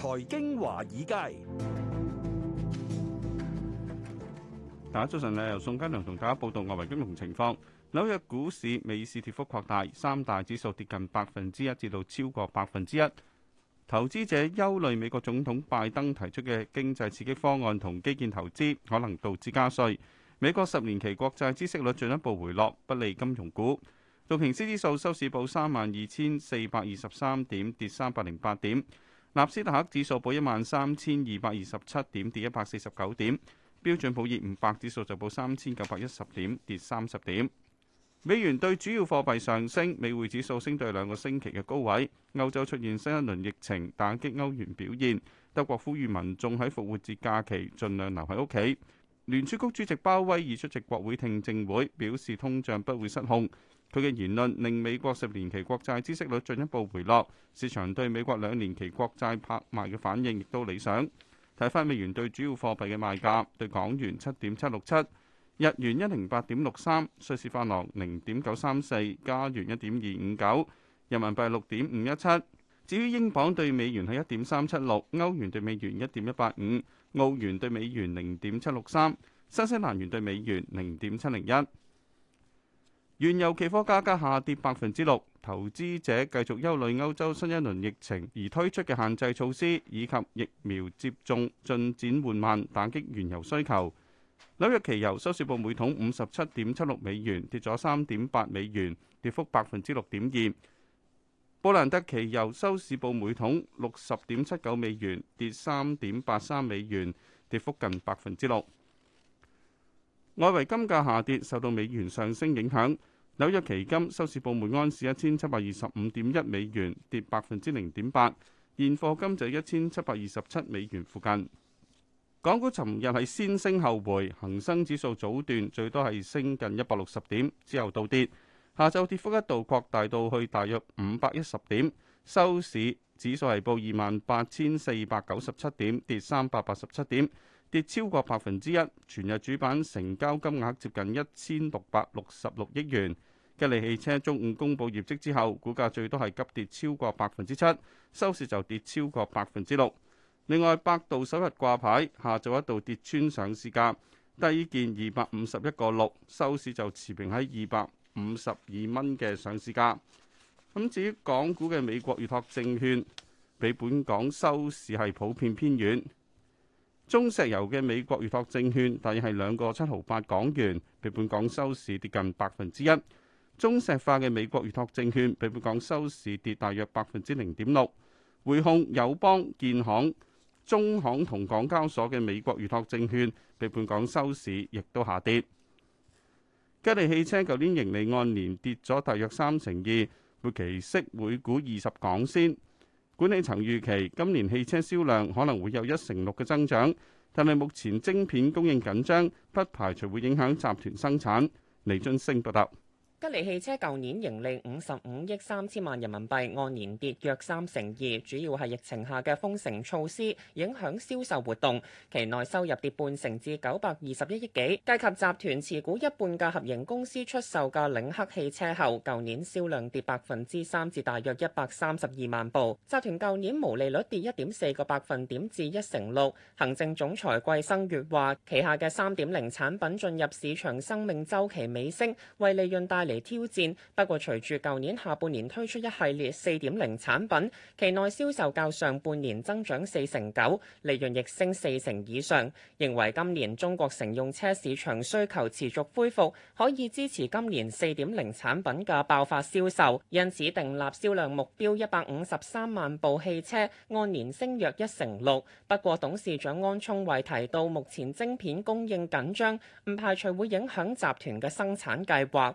財經華爾街，大家早晨啊！由宋嘉良同大家報道外圍金融情況。紐約股市尾市跌幅擴大，三大指數跌近百分之一，至到超過百分之一。投資者憂慮美國總統拜登提出嘅經濟刺激方案同基建投資可能導致加稅。美國十年期國債孳息率進一步回落，不利金融股。道瓊斯指數收市報三萬二千四百二十三點，跌三百零八點。納斯達克指數報一萬三千二百二十七點，跌一百四十九點。標準普爾五百指數就報三千九百一十點，跌三十點。美元兌主要貨幣上升，美匯指數升到兩個星期嘅高位。歐洲出現新一輪疫情，打擊歐元表現。德國呼籲民眾喺復活節假期盡量留喺屋企。聯儲局主席鮑威爾出席國會聽證會，表示通脹不會失控。佢嘅言論令美國十年期國債孳息率進一步回落，市場對美國兩年期國債拍賣嘅反應亦都理想。睇翻美元對主要貨幣嘅賣價，對港元七點七六七，日元一零八點六三，瑞士法郎零點九三四，加元一點二五九，人民幣六點五一七。至於英鎊對美元係一點三七六，歐元對美元一點一八五，澳元對美元零點七六三，新西蘭元對美元零點七零一。原油期貨價格下跌百分之六，投資者繼續憂慮歐洲新一輪疫情而推出嘅限制措施，以及疫苗接種進展緩慢，打擊原油需求。紐約期油收市報每桶五十七點七六美元，跌咗三點八美元，跌幅百分之六點二。布蘭德期油收市報每桶六十點七九美元，跌三點八三美元跌，跌幅近百分之六。外圍金價下跌，受到美元上升影響。紐約期金收市報每安士一千七百二十五點一美元，跌百分之零點八。現貨金就一千七百二十七美元附近。港股尋日係先升後回，恒生指數早段最多係升近一百六十點，之後倒跌。下晝跌幅一度擴大到去大約五百一十點，收市指數係報二萬八千四百九十七點，跌三百八十七點，跌超過百分之一，全日主板成交金額接近一千六百六十六億元。吉利汽車中午公佈業績之後，股價最多係急跌超過百分之七，收市就跌超過百分之六。另外，百度首日掛牌，下晝一度跌穿上市價，低見二百五十一個六，收市就持平喺二百五十二蚊嘅上市價。咁至於港股嘅美國預託證券，比本港收市係普遍偏軟。中石油嘅美國預託證券大約係兩個七毫八港元，比本港收市跌近百分之一。中石化嘅美國預託證券比本港收市跌大約百分之零點六。匯控、友邦、建行、中行同港交所嘅美國預託證券比本港收市亦都下跌。吉利汽車舊年盈利按年跌咗大約三成二，活期息每股二十港仙。管理層預期今年汽車銷量可能會有一成六嘅增長，但係目前晶片供應緊張，不排除會影響集團生產。李俊升報道。吉利汽車舊年盈利五十五億三千萬人民幣，按年跌約三成二，主要係疫情下嘅封城措施影響銷售活動。期內收入跌半成至九百二十一億幾。計及，及集團持股一半嘅合營公司出售嘅領克汽車後，舊年銷量跌百分之三至大約一百三十二萬部。集團舊年毛利率跌一點四個百分點至一成六。行政總裁桂生悅話：旗下嘅三點零產品進入市場生命週期尾聲，為利潤帶嘅挑戰，不過隨住舊年下半年推出一系列四點零產品，期內銷售較上半年增長四成九，利潤亦升四成以上。認為今年中國乘用車市場需求持續恢復，可以支持今年四點零產品嘅爆發銷售。因此訂立銷量目標一百五十三萬部汽車，按年升約一成六。不過董事長安聰慧提到，目前晶片供應緊張，唔排除會影響集團嘅生產計劃。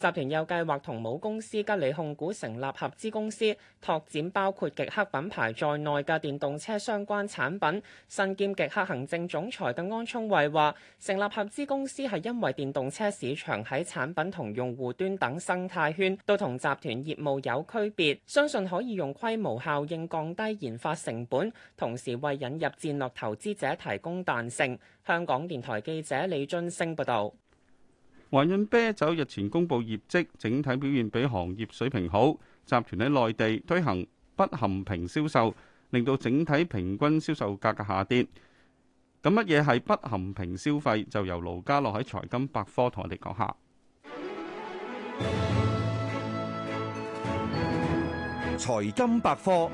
集團又計劃同母公司吉利控股成立合資公司，拓展包括極客品牌在內嘅電動車相關產品。新兼極客行政總裁嘅安聰慧話：成立合資公司係因為電動車市場喺產品同用戶端等生態圈都同集團業務有區別，相信可以用規模效應降低研發成本，同時為引入戰略投資者提供彈性。香港電台記者李津升報道。華潤啤酒日前公布業績，整體表現比行業水平好。集團喺內地推行不含瓶銷售，令到整體平均銷售價格下跌。咁乜嘢係不含瓶消費？就由盧家樂喺財金百科同我哋講下。財金百科。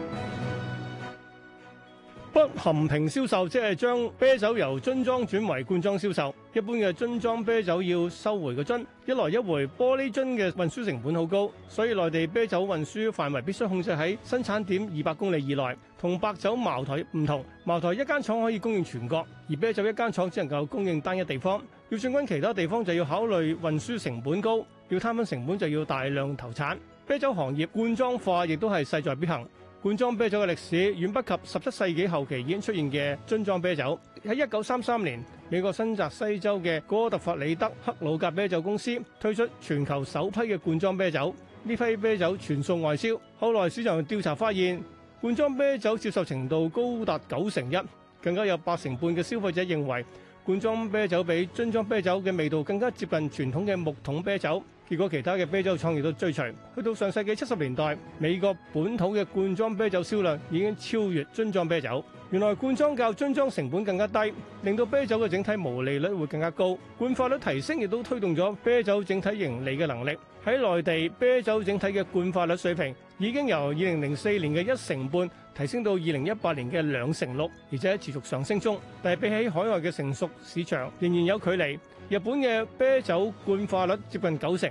不含瓶銷售即係將啤酒由樽裝轉為罐裝銷售。一般嘅樽裝啤酒要收回個樽一來一回，玻璃樽嘅運輸成本好高，所以內地啤酒運輸範圍必須控制喺生產點二百公里以內。同白酒茅台唔同，茅台一間廠可以供應全國，而啤酒一間廠只能夠供應單一地方。要進軍其他地方就要考慮運輸成本高，要攤分成本就要大量投產。啤酒行業罐裝化亦都係勢在必行。罐裝啤酒嘅歷史遠不及十七世紀後期已經出現嘅樽裝啤酒。喺一九三三年，美國新澤西州嘅戈特弗里德克魯格啤酒公司推出全球首批嘅罐裝啤酒。呢批啤酒全數外銷。後來市場調查發現，罐裝啤酒接受程度高達九成一，更加有八成半嘅消費者認為罐裝啤酒比樽裝啤酒嘅味道更加接近傳統嘅木桶啤酒。結果其他嘅啤酒廠亦都追隨，去到上世紀七十年代，美國本土嘅罐裝啤酒銷量已經超越樽裝啤酒。原來罐裝較樽裝成本更加低，令到啤酒嘅整體毛利率會更加高。罐化率提升亦都推動咗啤酒整體盈利嘅能力。喺內地，啤酒整體嘅罐化率水平已經由二零零四年嘅一成半提升到二零一八年嘅兩成六，而且持續上升中。但係比起海外嘅成熟市場，仍然有距離。日本嘅啤酒罐化率接近九成。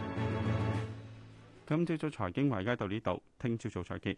今朝早財經華爾街到呢度，聽朝早再見。